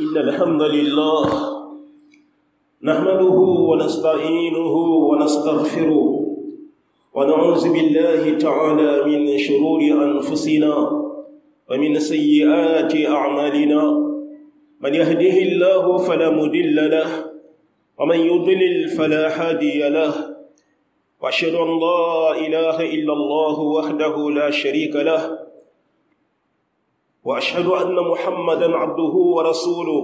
إن الحمد لله نحمده ونستعينه ونستغفره ونعوذ بالله تعالى من شرور أنفسنا ومن سيئات أعمالنا من يهده الله فلا مدل له ومن يضلل فلا هادي له وأشهد أن لا إله إلا الله وحده لا شريك له واشهد ان محمدا عبده ورسوله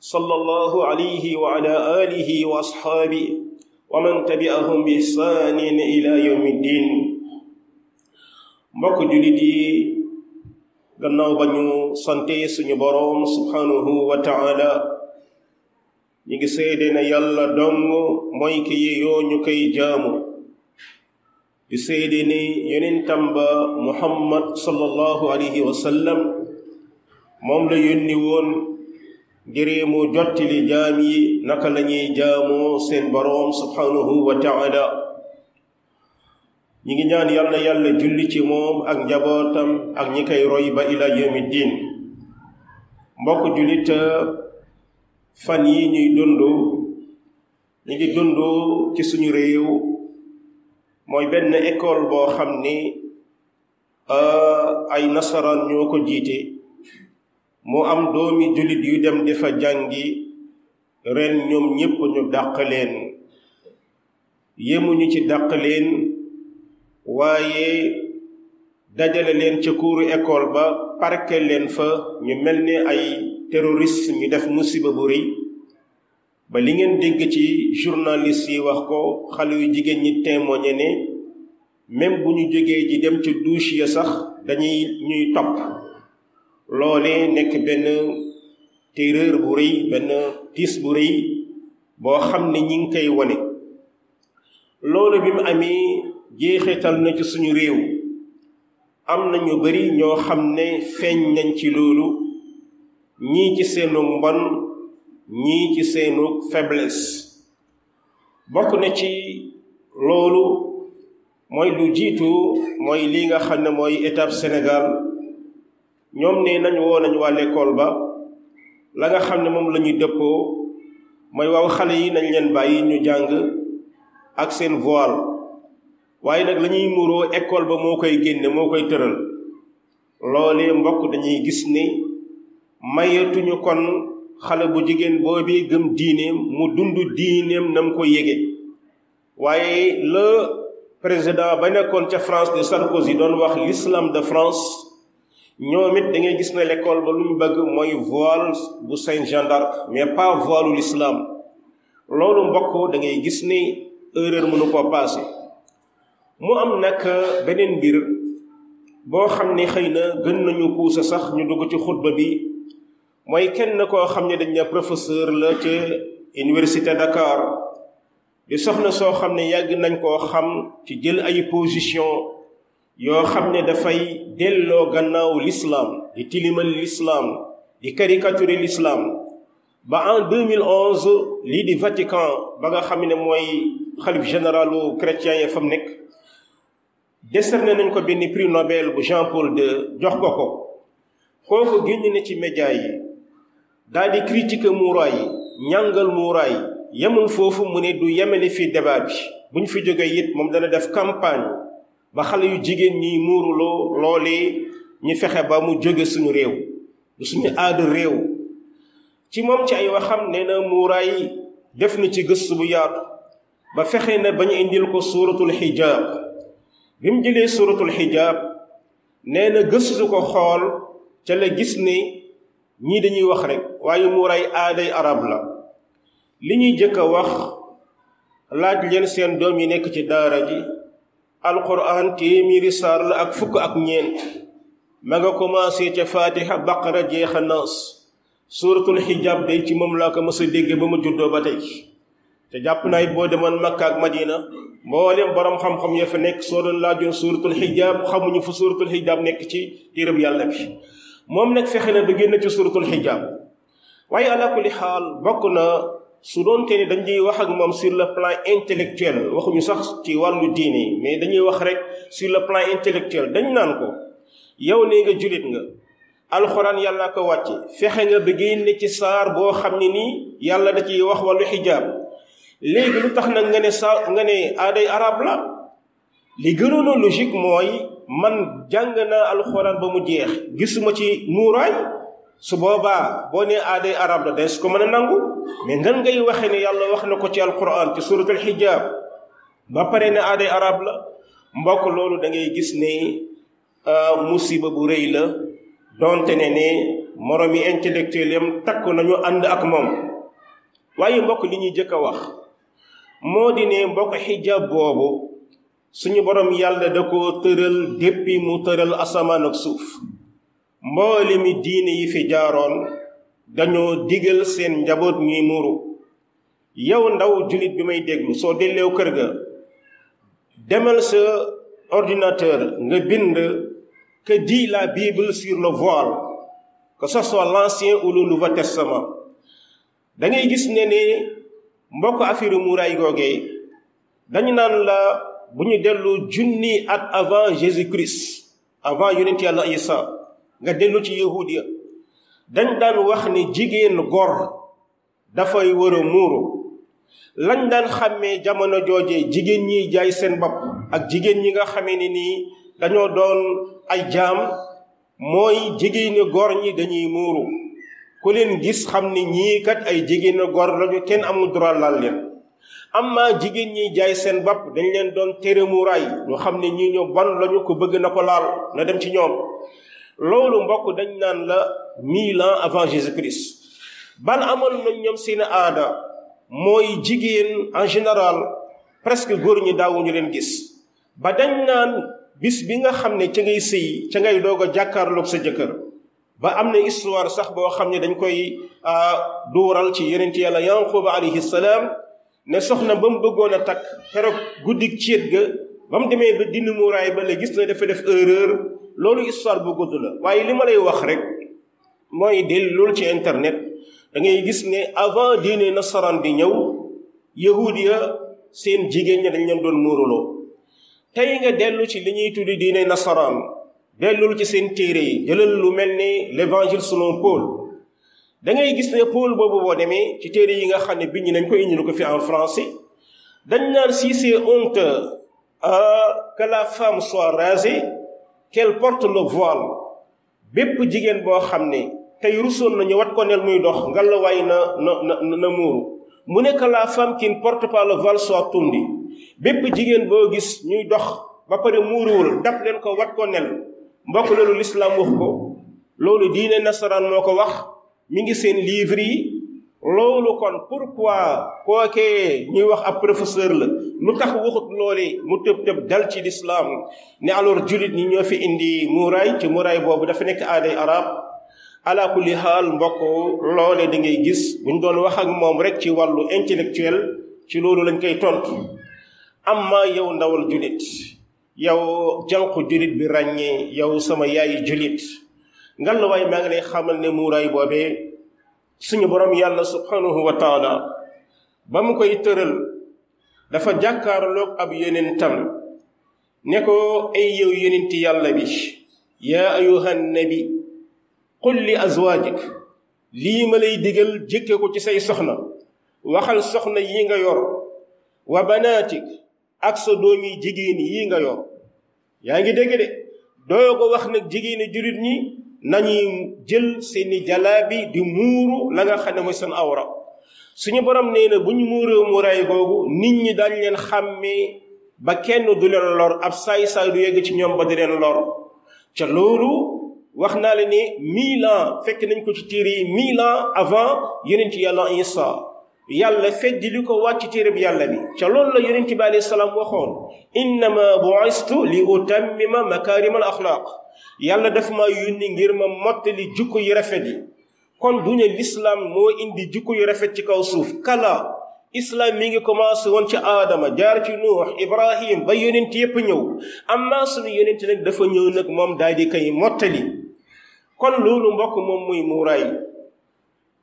صلى الله عليه وعلى اله واصحابه ومن تبعهم باحسان الى يوم الدين mbokk jullit yi gannaaw ba ñu sante suñu boroom subhanahu wa taala ñi ngi seede ne yàlla dong mooy ki yeyoo ñu koy jaamu di seede ni yonentam ba muhammad sallallahu alayhi wa sallam moom la yónni woon ngir mu jottali jaam yi naka la ñuy jaamoo seen boroom subhanahu wa taala ñi ngi ñaan yàlla yàlla julli ci moom ak njabootam ak ñi koy roy ba ila yawmi diin mbokk fan yi ñuy dund ñi ngi dund ci suñu réew mooy benn école boo xam ni ay nasaraan ñoo ko jiite mu am doomi jullit yu dem di fa jàngi ren ñoom ñépp ñu dàq leen yemuñu ci dàq leen waaye dajale leen ca kuuru école ba parke leen fa ñu mel ni ay terroriste ñu def musiba bu rëy ba li ngeen dégg ci journaliste yi wax ko xale yu jigéen ñi témoigné ne même bu ñu jógee ji dem ca douche ya sax dañuy ñuy topp loolee nekk benn téeréer bu rëy benn tiis bu rëy boo xam ne ñi ngi koy wone loolu bi mu amee jeexital na ci suñu réew am na ñu bari ñoo xam ne feeñ nañ ci loolu ñii ci seenu mbon ñii ci seenu faiblesse bokk na ci loolu mooy lu jiitu mooy lii nga xam ne mooy étape sénégal ñoom ne nañu woo nañu waa l'école ba la nga xam ne moom lañuy ñuy dëppoo mooy waaw xale yi nañ leen bàyyi ñu jàng ak seen voile waaye nag la ñuy muroo école ba moo koy génne moo koy tëral loolee mbokk dañuy gis ni mayatuñu kon xale bu jigéen boobi gëm diineem mu dund diineem nam ko yége waaye le président ba nekkoon ca France de Sarkozy doon wax l'islam de France ñoom it dangay gis ne l'école ba lu ñu bëgg mooy voile bu Saint Jeanne mais pas voilu l'islam loolu mbokk dangay gis ni erreur mënu ko passé mu am nag beneen mbir boo xam ne xëy na gën nañu puusa sax ñu dugg ci xutba bi mooy kenn koo xam ne dañ ne professeur la ca université Dakar di soxna soo xam ne yàgg nañ koo xam ci jël ay position yoo xam ne dafay delloo gannaaw l'islam di tilimal l'islam di caricaturer l'islam ba en 2011 lii di Vatican ba nga xam ne mooy xalif généralu chrétien ya fam mu nekk décerné nañ ko benn prix Nobel bu Jean Paul de jox ko ko kooku génn na ci média yi daal di critique muuraay yi ñàngal muuraay yi yemul foofu mu ne du yemale fi débat bi buñ fi jógee it moom dana def campagne ba xale yu jigéen ñi muuruloo loolee ñu fexe ba mu jóge suñu réew du suñu aada réew ci moom ci ay waxam nee na muuraay def na ci gëstu bu yaatu ba fexe na ba ñu indil ko suuratul xijaab bi mu jëlee suuratul xijaab nee na gëstu ko xool ca la gis ne ñii dañuy wax rek waaye muuraay aaday arab la li ñuy jëkk a wax laaj leen seen doom yi nekk ci daara ji alquran téeméeri saar ak fukk ak ñeent ma nga commencé ca fatiha baqara jeexa naas suuratul xijaab day ci moom laa ko mës dégg ba ma juddoo ba tey te jàpp naa it boo demoon makka ak madina mboolem borom xam-xam ya fa nekk soo doon laajoon suuratul xijaab xamuñu fu suuratul xijaab nekk ci téereb yàlla bi moom nag fexe na ba génn ci suuratul xijaab waaye ala xaal bokk na su doonte ne dañuy wax ak moom sur le plan intellectuel waxuñu sax ci wàllu diine mais dañuy wax rek sur le plan intellectuel dañu naan ko yow nee nga jullit nga alxuraan yàlla ko wàcc fexe nga ba génne ci saar boo xam ne nii yàlla da ciy wax wàllu xijaab léegi lu tax na nga ne sa nga ne aaday arab la li gënoon logique mooy man jàng naa alxuraan ba mu jeex gisuma ci muuraay su boobaa boo nee aaday arab la des ko mën a nangu mais nan ngay waxee ne yàlla wax na ko ci alquran ci suratul xijaab ba pare ne aaday arab la mbokk loolu dangay gis ne euh, musiba bu rëy la donte ne ne moroom yi intellectuel yam takk nañu ànd ak moom waaye mbokk li ñuy jëkk a wax moo di ne mbokk xijaab boobu suñu borom yàlla da ko tëral depuis mu tëral asamaan ak suuf mboolemi diine yi fi jaaroon dañoo digal seen njaboot ñuy muuru yow ndaw jullit bi may déglu soo delleew kër ga demal sa ordinateur nga bind que dit la Bible sur le voile que ce soit l'ancien ou le testament da gis ne ne mbokk affaire muuraay googee dañu naan la bu ñu dellu junni at avant Jésus-Christ avant yonent ay Isa nga dellu ci yahuud ya dañ daan wax ni jigéen góor dafay war muuru lañ daan xàmmee jamono jooje jigéen ñiy jaay seen bopp ak jigéen ñi nga xamee ne nii dañoo doon ay jaam mooy jigéenu góor ñi dañuy muuru ku leen gis xam ne ñii kat ay jigéenu góor lañu kenn amul droit laal leen amma jigéen ñi jaay seen bapp dañ leen doon tere muuraay ñu xam ne ñii ñu bon lañu ko bëgg na ko laal na dem ci ñoom loolu mbokk dañ naan la mille ans avant Jésus-Christ ban amoon nañ ñoom seen aada mooy jigéen en général presque góor ñi daawuñu leen gis ba dañ naan bis bi nga xam ne ca ngay sëy ca ngay doog a jàkkaarloog sa jëkkër ba am na histoire sax boo xam ne dañ koy ah, duural ci yeneen ci yàlla yanquba alayhi salaam ne soxna ba mu bëggoon a takk keroog guddik céet ga ba mu demee ba dindi muuraay ba la gis na dafa def erreur loolu histoire bu gudd la waaye li ma lay wax rek mooy loolu ci internet da ngay gis ne avant diine nasaraan di ñëw yahudiya seen jigéen ñi dañ leen doon muuruloo tey nga dellu ci li ñuy diine diine nasaraan dellul ci seen téere yi jëlal lu mel ni l'évangile selon Paul da ngay gis ne Paul boobu boo demee ci téere yi nga xam ne bind nañ ko indi ko fi en français dañ naan si c'est honte ah, que la femme qu'elle porte le voile bépp jigéen boo xam ne tey rusoon nañu wat ko neel muy dox ngalawaay na na na na muuru mu nekk la femme qui porte pas le voile soit tundi bépp jigéen boo gis ñuy dox ba pare muuruwul dab leen ko wat ko nel mbokk loolu lislaam wax ko loolu diine nasaraan moo ko wax mu ngi seen livre yi loolu kon pourquoi kookee ñuy wax ab professeur la lu tax waxut loolee mu tëb tëb dal ci lislaam ne alors julit ñi ñoo fi indi muuraay ci muuraay boobu dafa nekk aaday arab ala kulli xaal mbokk loolee da ngay gis buñ doon wax ak moom rek ci wàllu intellectuel ci loolu lañ koy tont amma yow ndawal julit yow janq julit bi ràññee yow sama yaay julit ngallaawaay maa ngi lay xamal ne muuraay boobee suñu borom yàlla subhanahu wa taala ba mu koy tëral dafa jàkkaarloog ab yonentam ne ko ay yow yonenti yàlla bi yaa ayuhan nabi qul li azwaajik lii ma lay digal jëkke ko ci say soxna waxal soxna yi nga yor wa banaatik ak sa doomi jigéen yi nga yor yaa ngi dégg doo ko wax nag jigéeni jullit ñi nañuy jël seeni jalaabi di muuru la nga xam ne seen awra suñu borom neena na bu ñu muuree muuraay googu nit ñi dañ leen xamé ba kenn du leen lor ab say say du yegg ci ñom ba di leen lor ca lolu wax naa la ni 1000 ans fekk nañ ko ci téere 1000 ans avant yonent yàlla isa yàlla feddi li ko wàcc téere bi yàlla bi ca lolu la yonent bi alayhi salaam waxoon innama buistu li utammima makarim al akhlaq yàlla daf ma yónni ngir ma motali jukku yi rafet yi kon du lislaam moo indi jikko yu rafet ci kaw suuf kala islaam mi ngi commencé woon ci aadama jaar ci nuux ibrahim ba yonent yépp ñëw amma suñu yonent nag dafa ñëw nag moom daal di koy mottali kon loolu mbokk moom muy muuraay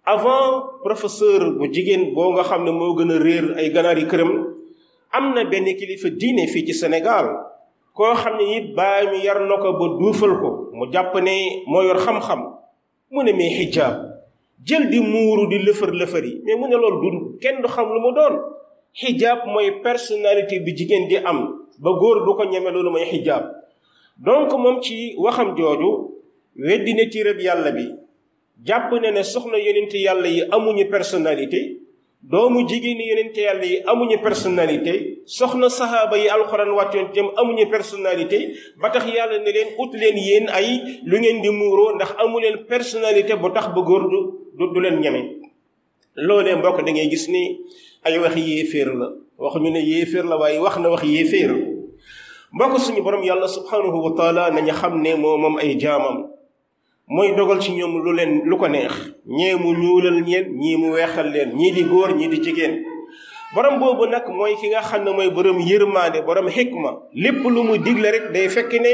avant professeur bu jigéen boo nga xam ne moo gën a réer ay ganaar yi këram am na benn kilifa diine fii ci senegal koo xam ne it baay mi yar na ko ba duufal ko mu jàpp ne moo yor xam-xam mu ne mais xijaab jël di muuru di lëfër lëfër yi mais mu ne loolu du kenn du xam lu mu doon xijaab mooy personnalité bi jigéen di am ba góor du ko ñeme loolu mooy xijaab donc moom ci waxam jooju weddi ne ci yàlla bi jàpp ne ne soxna yonent yàlla yi amuñu personnalité doomu jigéeni yonent yàlla yi amuñu personnalité soxna saxaaba yi alxuraan wàccoon jëm amuñu personnalité ba tax yàlla ne leen ut leen yéen ay lu ngeen di muuroo ndax amu leen personnalité bu tax ba góor du du du leen ñeme loolee mbokk da ngay gis ni ay wax yéeféer la waxuñu ne yéeféer la waaye wax na wax yéeféer mbokk suñu borom yàlla subhanahu wa taala nañu xam ne moo moom ay jaamam mooy dogal ci ñoom lu leen lu ko neex ñee mu ñuulal ñeen ñii mu weexal leen ñii di góor ñii di jigéen borom boobu nag mooy ki nga xam ne mooy borom yërmaande borom xikma lépp lu mu digle rek day fekk ne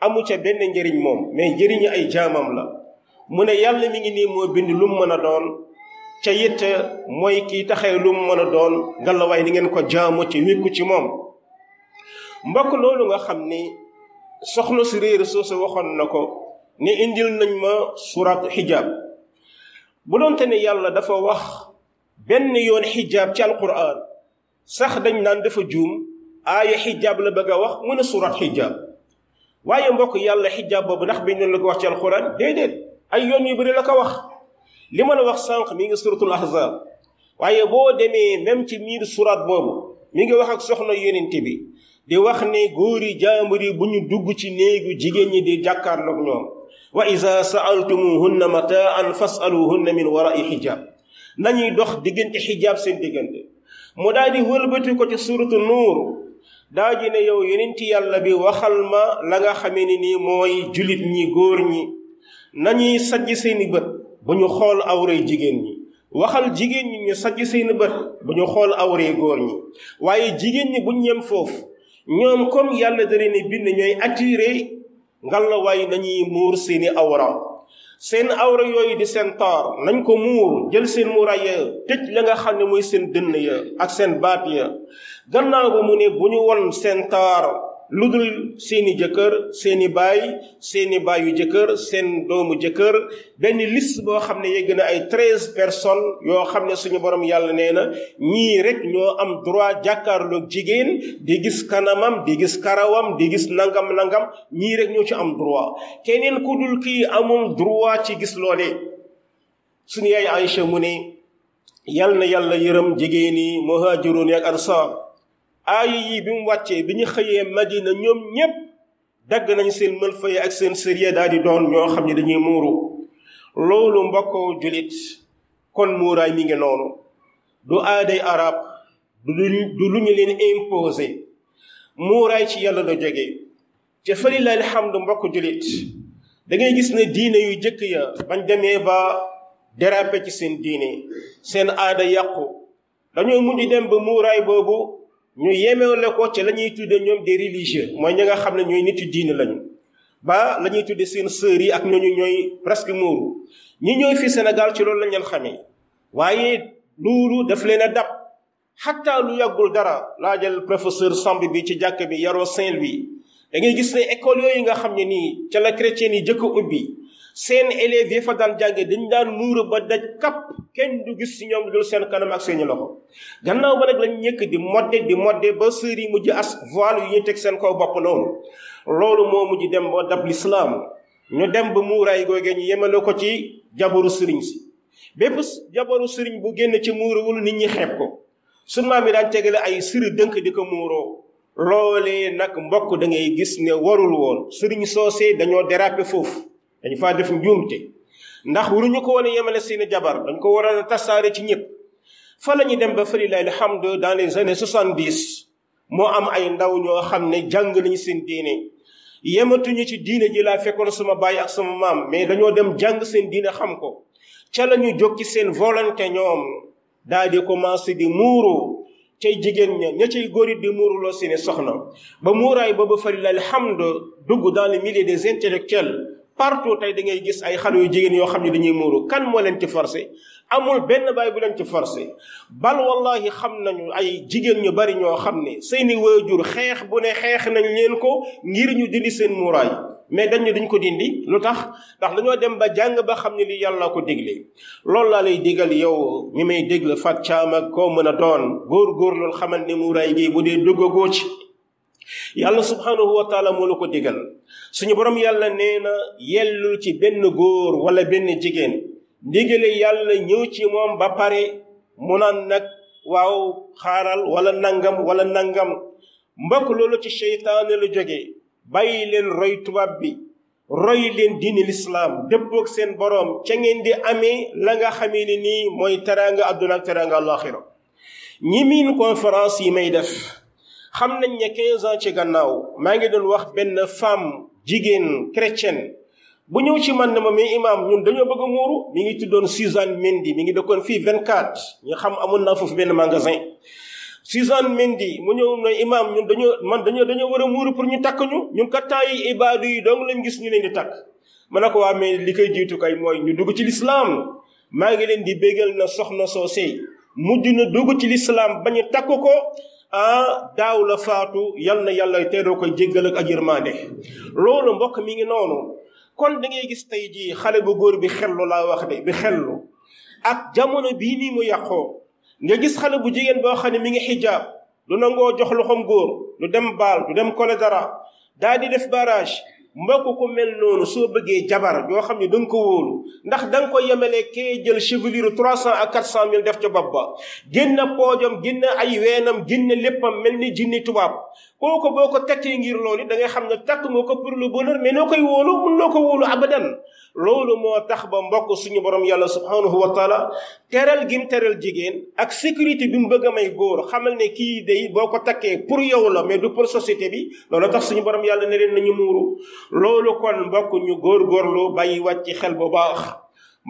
amu ca benn njëriñ moom mais njëriñu ay jaamam la mu ne yàlla mi ngi nii moo bind lu mu mën a doon ca it mooy kii taxe lu mu a doon ngalawaay ni ngeen ko jaamu ci wékku ci moom mbokk loolu nga xam ni soxna si réer soosu waxoon na ko ne indil nañ ma surat xijaab bu te ne yàlla dafa wax benn yoon xijaab ci alquran sax dañ naan dafa juum aaya xijaab la bëgg a wax mu ne surat xijaab waaye mbokk yàlla xijaab boobu ndax biñ doon la ko wax ci alquran déedéet ay yoon yu bëri la wax li ma la wax sànq mi ngi suratul ahzab waaye boo demee même ci miir surat boobu mi ngi wax ak soxna yonent bi di wax ne góori jaambur yi bu ñu dugg ci néegu jigéen ñi di jàkkaarloog ñoom wa iza saaltumuhunna mataan fasaluhunna min warai xijab nañuy dox diggante xijaab seen diggante mu daal di wëlbati ko ci suratu nuur daa ji ne yow yonent yàlla bi waxal ma la nga xamee ne nii mooy julit ñi góor ñi nañuy sajj seeni bët ba ñu xool awray jigéen ñi waxal jigéen ñi ñu sajj seeni bët bu ñu xool awray góor ñi waaye jigéen ñi buñ yem foofu ñoom comme yàlla da leen bind ñooy attiré ngalla waaye nañuy muur seeni awra seen awra yooyu di seen taar nañ ko muur jël seen muuraay ya tëj la nga xam ne mooy seen dënn ya ak seen baat ya gannaaw ba mu ne bu ñu won seen taar lu dul seeni jëkkër seeni baay seeni baayu jëkkër seen doomu jëkkër benn list boo xam ne yegg na ay treize personnes yoo xam ne suñu borom yàlla nee na ñii rek ñoo am droit jàkkaarloog jigéen di gis kanamam di gis karawam di gis nangam nangam ñii rek ñoo ci am droit keneen ku dul kii amul droit ci gis loole suñu yaay Aïcha mu ne yal na yàlla yërëm jigéen yi muhaajiroon ak ansaar aaya yii bi mu wàccee bi ñu xëyee madina ñoom ñépp dagg nañ seen mël faye ak seen sëriya daal di doon ñoo xam ne dañuy muuru loolu mbokkoo julit kon muuraay mi ngi noonu du aaday arab du du lu ñu leen imposé muuraay ci yàlla la jege ca xam alhamdu mbokku julit dangay gis ne diine yu jëkk ya bañ demee ba dérapé ci seen diine seen aada yàqu dañoo mujj dem ba muuraay boobu ñu yemewale ko ci la ñuy tuddee ñoom de religieux mooy ñi nga xam ne ñooy nitu diine lañu ba la ñuy tuddee seen sœurs yi ak ñooñu ñooy presque muuru ñi ñooy fii Sénégal ci loolu lañ leen xamee waaye loolu daf leen a dab xataa lu yàggul dara laa jël professeur Samb bi ci jàkk bi yaroo Saint-Louis da ngay gis ne école yooyu nga xam ne nii ca la chrétien yi jëkk ubbi seen élève yi fa daan jàngee dañ daan muur ba daj kapp kenn du gis si ñoom dul seen kanam ak seeni loxo gannaaw ba nag lañ ñëkk di modde di modde ba sër yi mujj as voile yu ñu teg seen kaw bopp loolu loolu moo mujj dem ba dab lislaam ñu dem ba muuraay googe ñu yemale ko ci jaboru sëriñ si bépp jaboru sëriñ bu génn ci muurawul nit ñi xeeb ko sun maam yi daan tegale ay sër dënk di ko muuroo loolee nag mbokk da ngay gis ne warul woon sëriñ soosee dañoo déraper foofu dañ faa def njuumte ndax waruñu ko woon a yemale seen jabar dañ ko war a tasaare ci ñëpp fa la ñu dem ba fëri lay alhamdu dans les années 70 moo am ay ndaw ñoo xam ne jàng nañu seen diine yematuñu ci diine ji laa fekkoon sama baay ak sama maam mais dañoo dem jàng seen diine xam ko ca la ñu jóg ci seen volonté ñoom daal di commencé di muuru cay jigéen ña ña cay góor it di muuruloo seeni soxna ba muuraay boobu fari la alhamdu dugg dans le milieu des intellectuels partout tey da ngay gis ay xale yu jigéen yoo xam ne dañuy muuru kan moo leen ci forcé amul benn baay bu leen ci forcé bal wallahi xam nañu ay jigéen ñu bari ñoo xam ne seeni waajur xeex bu ne xeex nañu leen ko ngir ñu dindi seen muuraay mais dañu duñ ko dindi lu tax ndax dañoo dem ba jàng ba xam ne li yàlla ko digle loolu laa lay digal yow mi may déglu Fatou Thiam ak koo mën a doon góor góor góorlu xamal ne muuraay gi bu dee duggagoo ci yàlla subhanahu wa taala ko digal suñu borom yàlla nee na yellul ci benn góor wala benn jigéen ndigale yàlla ñëw ci moom ba pare mu naan nag waaw xaaral walla nangam walla nangam mbokk loolu ci seytaane lu jógee bàyyi leen roy tubaab bi roy leen diini lislaam dëppoog seen boroom ca ngeen di amee la nga xamee ne nii mooy teraanga ak teraanga àllaaxira ñi miin conférence yi may def xam nañ ne 15 ans ci gannaaw maa ngi doon wax benn femme jigéen chrétienne bu ñëw ci man ne ma mais imaam ñun dañoo bëgg a muuru mi ngi tuddoon Suzanne Mendy mi ngi dëkkoon fii 24 ñu xam amoon naa foofu benn magasin. Suzanne Mendy mu ñëw ne imaam ñun dañoo man dañoo dañoo war a muuru pour ñu takk ñu ñun kat temps yi ibaadu yi dong lañ gis ñu leen takk. ma ne ko waa mais li koy jiitu kay mooy ñu dugg ci lislaam maa ngi leen di bégal na soxna soosey mujj na dugg ci lislaam ba ñu takk ko. ah daaw la faatu yal na yàlla teedoo koy jéggal ak ajërmaande loolu mbokk mi ngi noonu kon da ngay gis tey jii xale bu góor bi xellu laa wax de bi xellu ak jamono bii nii mu yàqoo nga gis xale bu jigéen boo xam ne mi ngi xijaab du nangoo jox loxoom góor du dem baal du dem kole dara daa di def barrage mbokk ku mel noonu soo bëggee jabar yoo xam ni da nga ko ndax da nga ko yemalee kee jël chevelure trois cent ak quatre cent mille def ca bopp ba génn poojam génn ay weenam génn léppam mel ni jinni tubaab kooku boo ko takkee ngir looli dangay xam na takk nga ko pour le bonheur mais noo koy wóolu mun noo ko wóolu abadan loolu moo tax ba mbokk suñu borom yàlla subhanahu wa taala teral gim teral jigéen ak sécurité bi mu bëgg a may góor xamal ne kii day boo ko takkee pour yow la mais du pour société bi loolu tax suñu borom yàlla ne leen ñu muuru loolu kon mbokk ñu góorgóorlu bàyyi wàcc xel bu baax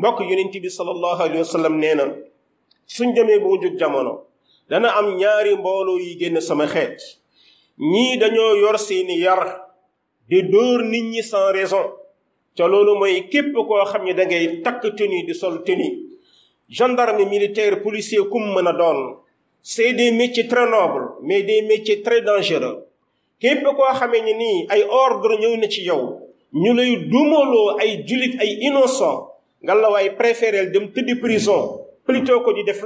mbokk yonent bi sallallahu alayhi wa sallam nee na suñ demee bu mu jamono dana am ñaari mbooloo yi génn sama xeet Ni dañoo yor seeni yar di ni nit sans raison ca loolu mooy képp koo xam da ngay militaire policier kum c'est des métiers très nobles mais des métiers très dangereux képp koo xamee ni ay ordre ñëw na ci yow ñu lay ay innocent nga la waay dem prison plutôt que de def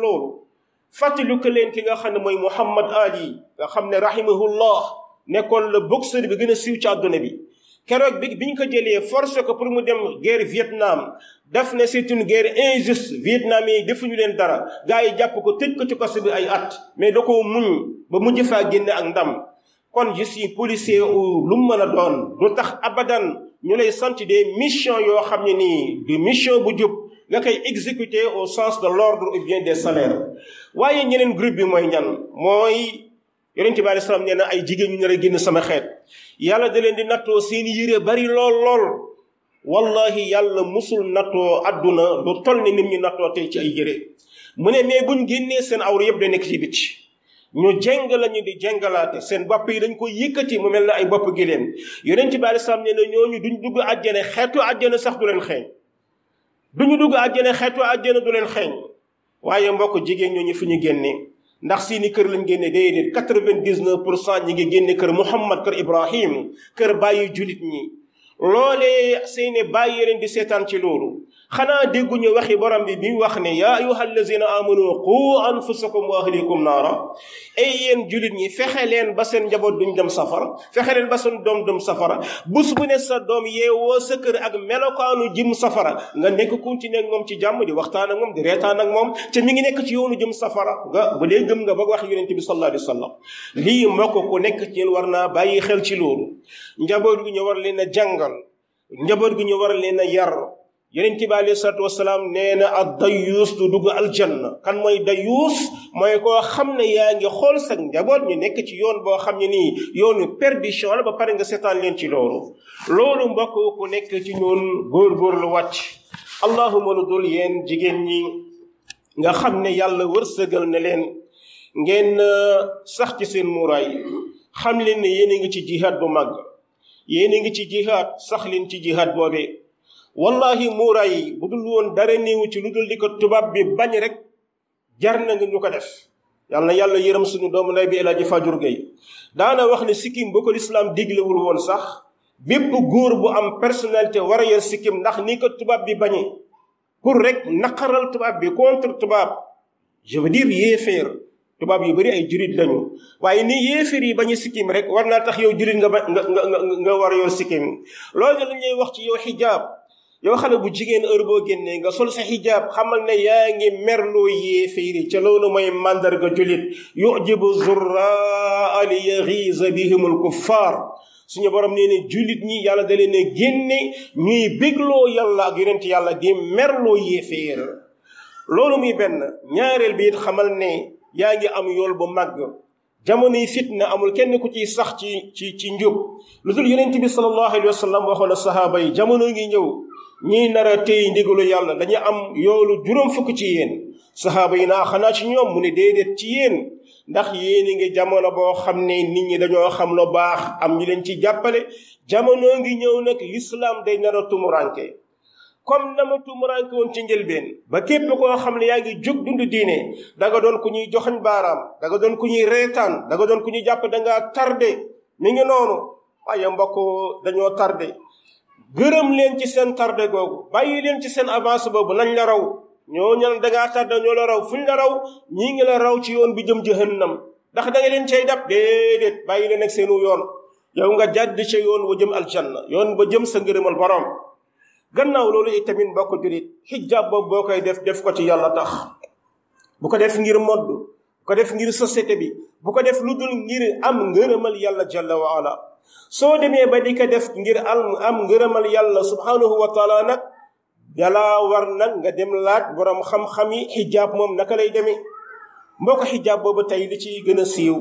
fàttaliku ko leen ki nga xam ne mooy Muhammad Ali nga xam ne rahimahullah nekkoon la boxeur bi gën a siiw ci àdduna bi keroog bi bi ñu ko jëlee forcé ko pour mu dem guerre Vietnam daf ne c'est une guerre injuste Vietnam yi defuñu leen dara gars yi jàpp ko tëj ko ci kaso bi ay at mais da koo muñ ba mujj faa génne ak ndam kon je suis policier ou lu mën a doon du tax abadan ñu lay sant des missions yoo xam ne nii du mission bu jub nga koy exécuté au sens de l'ordre ou bien des salaires waaye ñeneen groupe bi mooy ñan mooy yonente bi alei salaam nee na ay jigéen ñu nar a génn sama xeet yàlla da leen di nattoo seen yére bari lool lool wallahi yàlla musul nattoo àdduna lu toll ni nim ñu nattoo tey ci ay yére mu ne mais buñ génnee seen awra yëpp day nekk ci bicc ñu jeng ñu di jengalaate seen bopp yi dañ ko yëkkati mu mel na ay bopp gi leen yonente bi alei salaam nee na ñooñu duñ dugg àjjana xeetu àjjana sax du leen xeeñ duñu dugg àjjana xeetu àjjana du leen xeeñ waaye mbokk jigéen ñooñu fu ñu génne ndax seeni kër lañ génne déedéet quatre-vingt-dix-neuf pour cent ñi gi génne kër Muhammad kër Ibrahim kër bàyyi julit ñi loole seene bàyyi leen di seetaan ci loolu xanaa dégguñu waxi borom bi bi wax ne yaa ayuha allazina amanu qu anfusakum wa ahlikum naara ay yéen julit ñi fexe leen ba seen njaboot duñ dem safara fexe leen ba seen doom dem safara bus bu ne sa doom yeewoo sa kër ak melokaanu jëm safara nga nekk continuer ak moom ci jàmm di waxtaan ak moom di reetaan ak moom te mi ngi nekk ci yoonu jëm safara nga bu dee gëm nga ba wax yonente bi sallallahu alayhi wa sallam lii mbokk ku nekk ci yéen war naa bàyyi xel ci loolu njaboot gi ñu war leen a jàngal njaboot gi ñu war leen a yar yeneen ci bi alayhi salaatu wasalaam nee na ak dayuus du dugg aljanna kan mooy dayuus mooy koo xam ne yaa ngi xool sag njaboot ñu nekk ci yoon boo xam ne nii yoonu perdition la ba pare nga seetaan leen ci loolu loolu mbokk ku nekk ci ñun lu wàcc allahuma lu dul yéen jigéen ñi nga xam ne yàlla wërsëgal na leen ngeen euh, sax ci seen muuraay xam leen ne yéen a ngi ci jihaad bu mag yéen a ngi ci jihaad sax leen ci jihaad boobee wallahi muuraay yi bu woon dara néewu ci lu dul di tubaab bi bañ rek jar na nga ñu ko def yàlla na yàlla yërëm suñu doomu ndey bi El Hadj Fajur daana wax ne sikkim bu ko lislaam diglewul woon sax bépp góor bu am personnalité war a yor ndax ni ko tubaab bi bañee pour rek naqaral tubaab bi contre tubaab je veux dire tubaab yu bari ay jurit lañu waaye ni yéeféer yi bañu sikkim rek war naa tax yow jurit nga ba nga nga nga war a yor sikkim loolu la ñuy wax ci yow xijaab yow xale bu jigéen heure boo génnee nga sol sa hijab xamal ne yaa ngi merloo yéeféeri ca loolu mooy màndarga julit yujibu zurraa li yaxiisa bihim alkuffar suñu borom nee ne julit ñi yàlla da leen a génne ñuy bégloo yàlla ak yonent yàlla di merloo yéeféer loolu muy benn ñaareel bi it xamal ne yaa ngi am yool bu mag jamono yi fitna amul kenn ku ciy sax ci ci ci njub lu dul yonent bi sallallahu alayhi wa sallam waxoon na sahaaba yi jamono ngi ñëw ñii nar a téy ndigalu yàlla dañu am yoolu juróom fukk ci yéen saxaaba yi naa xanaa ci ñoom mu ne déedéet ci yéen ndax yéen a ngi jamono boo xam ne nit ñi dañoo xam lu baax am ñu leen ci jàppale jamono ngi ñëw nag lislaam day nar a tumuranke comme na tumuranke woon ci njëlbeen ba képp koo xam ne yaa ngi jóg dund diine da nga doon ku ñuy joxañ baaraam danga doon ku ñuy reetaan danga doon ku ñuy jàpp da ngaa tardé mi ngi noonu waaye mbokk dañoo tardé gërëm leen ci seen tardé googu bàyyi leen ci seen avance boobu nañ la raw ñoo ñal da ngaa ñoo la raw fuñ la raw ñii ngi la raw ci yoon bi jëm jahannam ndax da nga leen cay dab déedéet bàyyi leen ak seenu yoon yow nga jàdd ca yoon wa jëm aljanna yoon ba jëm sa ngërëmal borom gannaaw loolu itamit mbokk jurit xijab boobu boo koy def def ko ci yàlla tax bu ko def ngir modd bu ko def ngir société bi bu ko def lu dul ngir am ngërëmal yàlla jalla wa ala soo demee ba di ko def ngir al am ngërëmal yàlla subhanahu wa taala nag dalaa war nag nga dem laaj borom xam-xam yi xijaab moom naka lay demee mbokk xijaab boobu tey li ci gën a siiw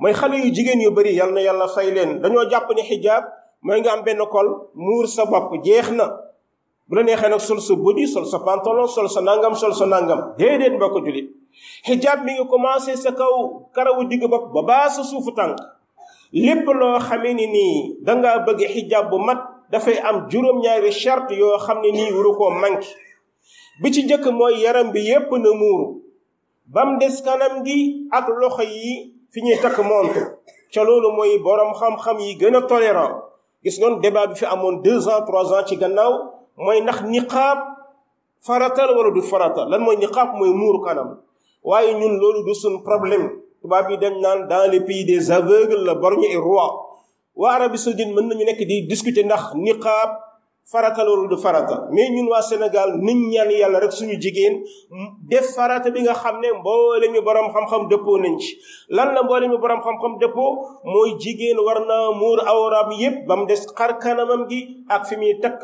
mooy xale yu jigéen yu bari yal na yàlla fay leen dañoo jàpp ne xijaab mooy nga am benn kol muur sa bopp jeex na bu la neexee nag sol sa body sol sa pantalon sol sa nangam sol sa nangam déedéet mbokk jullit xijaab mi ngi commencé sa kaw karawu digg bopp ba baa sa suufu tànk lépp loo xamee ni nii dangaa bëgg xijaab bu mat dafay am juróom-ñaari charte yoo xam ne nii waru koo bi ci njëkk mooy yaram bi yépp na muuru bam des kanam gi ak loxo yi fi ñuy takk montre ca loolu mooy borom xam-xam yi gën a tolérant gis noonu débat bi fi amoon deux ans trois ans ci gannaaw mooy ndax niqaab farata la wala du farata lan mooy niqaab mooy muuru kanam waaye ñun loolu du suñ problème tubaab yi dañ naan dans les pays des aveugles la borgne et roi waa arabie saoudite mën nañu nekk di discuter ndax niqaab farata loolu du farata mais ñun waa sénégal niñ ñaan yàlla rek suñu jigéen def farata bi nga xam ne mboole ñu borom xam-xam dëppoo nañ ci lan la mboole ñu borom xam-xam dëppoo mooy jigéen war na muur awraam yépp ba mu des xar kanamam gi ak fi muy takk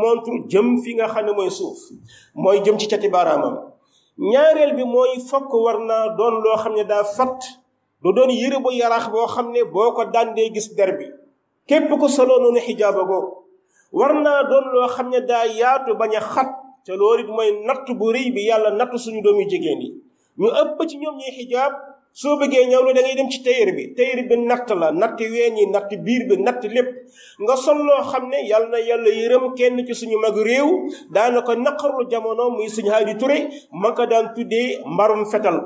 montre jëm fi nga xam ne mooy suuf mooy jëm ci cati baaraamam ñaareel bi mooy fokk war naa doon loo xam ne daa fatt du doon yëre bu yaraax boo xam ne boo ko dàndee gis der bi képp ko solo noonu xijaaba goo war naa doon loo xam ne daa yaatu bañ a xat te loolu it mooy natt bu rëy bi yàlla natt suñu doomi jigéen yi ëpp ci ñoom ñuy xijaab soo bëggee ñawlu da dangay dem ci tayër bi tayër bi natt la natti ween yi natt biir bi natt lépp nga sol loo xam ne yàlla na yàlla yërëm kenn ci suñu mag réew daana ko naqarul jamono muy suñu Haadi Ture ma ko daan tuddee mbarum fetal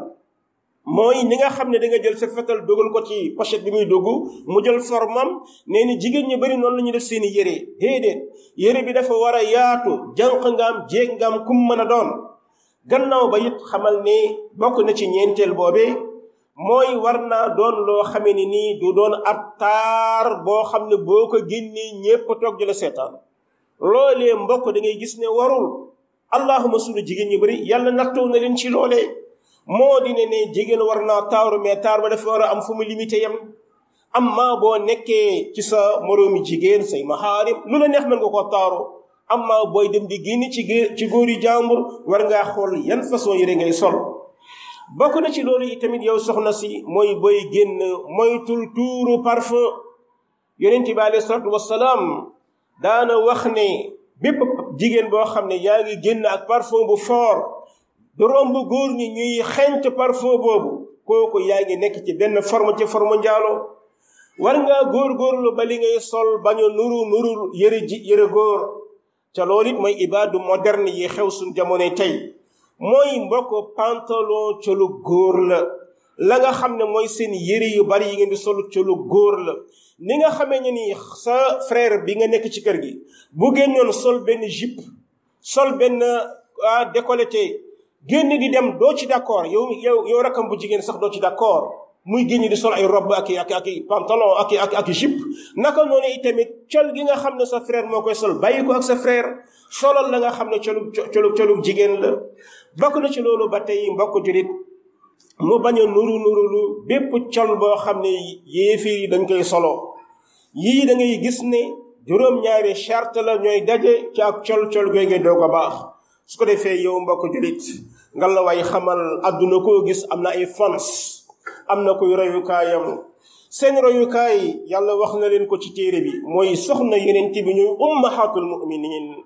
mooy ni nga xam ne da jël sa fetal dogal ko ci pochette bi muy dugg mu jël formam nee ni jigéen ñi bari noonu la ñu def seen yére déedéet yére bi dafa war a yaatu jànq nga am jéeg nga am mën a doon gannaaw ba it xamal ne bokk na ci ñeenteel boobee mooy war naa doon loo xame ni nii du doon ab taar boo xam ne boo ko génnee ñépp toog di la seetaan loolee mbokk da ngay gis ne warul allahuma sunu jigéen ñu bëri yàlla nattoo na leen ci loolee moo di ne ne jigéen war naa taaru mais taar ba dafa war a am fu mu limité yam amma boo nekkee ci sa moroomi jigéen say mahaarim lu la neex mën nga koo taaru amma booy dem di génn ci ci góor yi jàmbur war ngaa xool yan façon yére ngay sol bokk na ci loolu itamit yow soxna si mooy booy génn moytul tuuru parfum yonent bi alayhi salaatu wasalaam daana wax ne bépp jigéen boo xam ne yaa ngi génn ak parfum bu fort du romb góor ñi ñuy xeent parfum boobu kooku yaa ngi nekk ci benn forme ci forme njaaloo war ngaa góor-góorlu bali li ngay sol bañu nuru nuru yére ji yëre góor ca loolu it mooy ibaadu moderne yi xew suñ jamonoy tey mooy mbokk pantalon ca lu la nga xam ne mooy seen yëre yu bari yi ngeen di sol ca góor la ni nga xamee ni sa frère bi nga nekk ci kër gi bu génnoon sol benn jupe sol benn ah, décolleté génn di dem doo ci d'accord yow yow yow rakkam bu jigéen sax doo ci d'accord muy génn di sol ay robe ak i ak ak i pantalon ak i ak ak jupe naka noonu tamit col gi nga xam ne sa frère moo koy sol bàyyi ko ak sa frère solal la nga xam ne colum colum colum jigéen la bokk na ci loolu ba tey mbokk julit mu bañ a nuru nurulu bépp col boo xam ne yéefiir yi dañ koy solo yii da gis ne juróom-ñaari charte la ñooy daje ci ak col-col googee doo ko baax su ko defee yow mbokk julit nga la way xamal àdduna koo gis am na ay fans amna koy rayu kayam sen rayu kay yàlla wax na len ko ci téré bi moy soxna yonent bi ñooy ummahatul muminin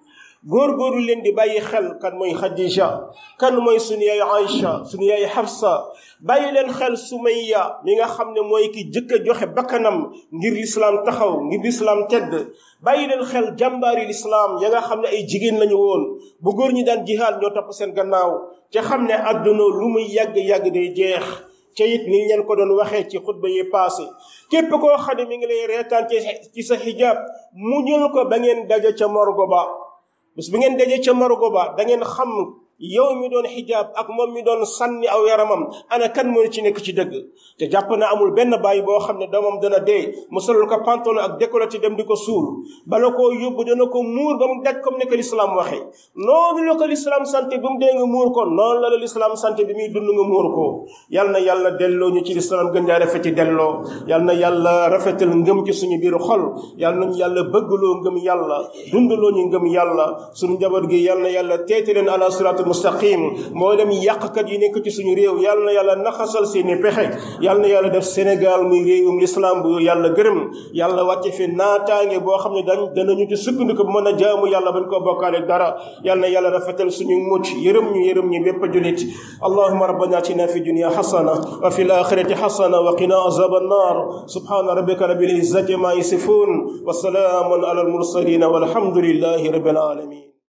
gor góorgóorlu len di bàyyi xel kan moy khadija kan moy suñu yaay Aïcha suñu yaay Hafsa bàyyi len xel Sumayya mi nga xamne moy ki jëkke joxe bakanam ngir lislaam taxaw ngir lislaam tedd bàyyi len xel jàmbaari l'islam ya nga xamne ay jigen lañu woon bu gor ñi daan jihad ñoo top sen gannaaw ci xamne aduna lu muy yag yag day jeex ci yit ni ngeen ko doon waxee ci xutba yi passé képp koo xam ne mi ngi lay reetaan ci ci sa hijab mu ñëw ko ba ngeen daje ca morgo ba bis bi ngeen daje ca morgo ba da ngeen xam yow mi doon xijaab ak moom mi doon sànni aw yaramam ana kan moo ci nekk ci dëgg te jàpp na amul benn bàyyi boo xam ne doomam dana dee mu solal ko pantalon ak décolleté dem di ko suul bala koo yóbbu dana ko muur ba mu daj comme ne ko lislaam waxee noonu la ko lislaam sant bi mu nga muur ko noonu la la lislaam sant bi muy dund nga muur ko yal na yàlla delloo ñu ci lislaam gën jaa rafeti delloo yal na yàlla rafetal ngëm ci suñu biir xol yal nañu yàlla bëggloo ngëm yàlla dundaloo ñu ngëm yàlla suñu njaboot gi yal na yàlla teete leen mustaqim mboolem yàqkat yi nekk ci suñu réew yàlla na yàlla naxasal seeni pexe yàlla na yàlla def sénégal muy réewum lislaam bu yàlla gërëm yàlla wàcce fi naataange boo xam ne dañ danañu ci sukkandiku mën a jaamu yàlla bañ koo bokkaale dara yàlla na yàlla rafetal suñu mucc yërëm ñu yërëm ñu bépp julit allahuma rabbana atina fi dunia xasana wa fi alaxirati xasana wa qina azab annar subhana rabbika rabil izzati ma yasifun wa salaamun ala almursalin والحمد لله رب العالمين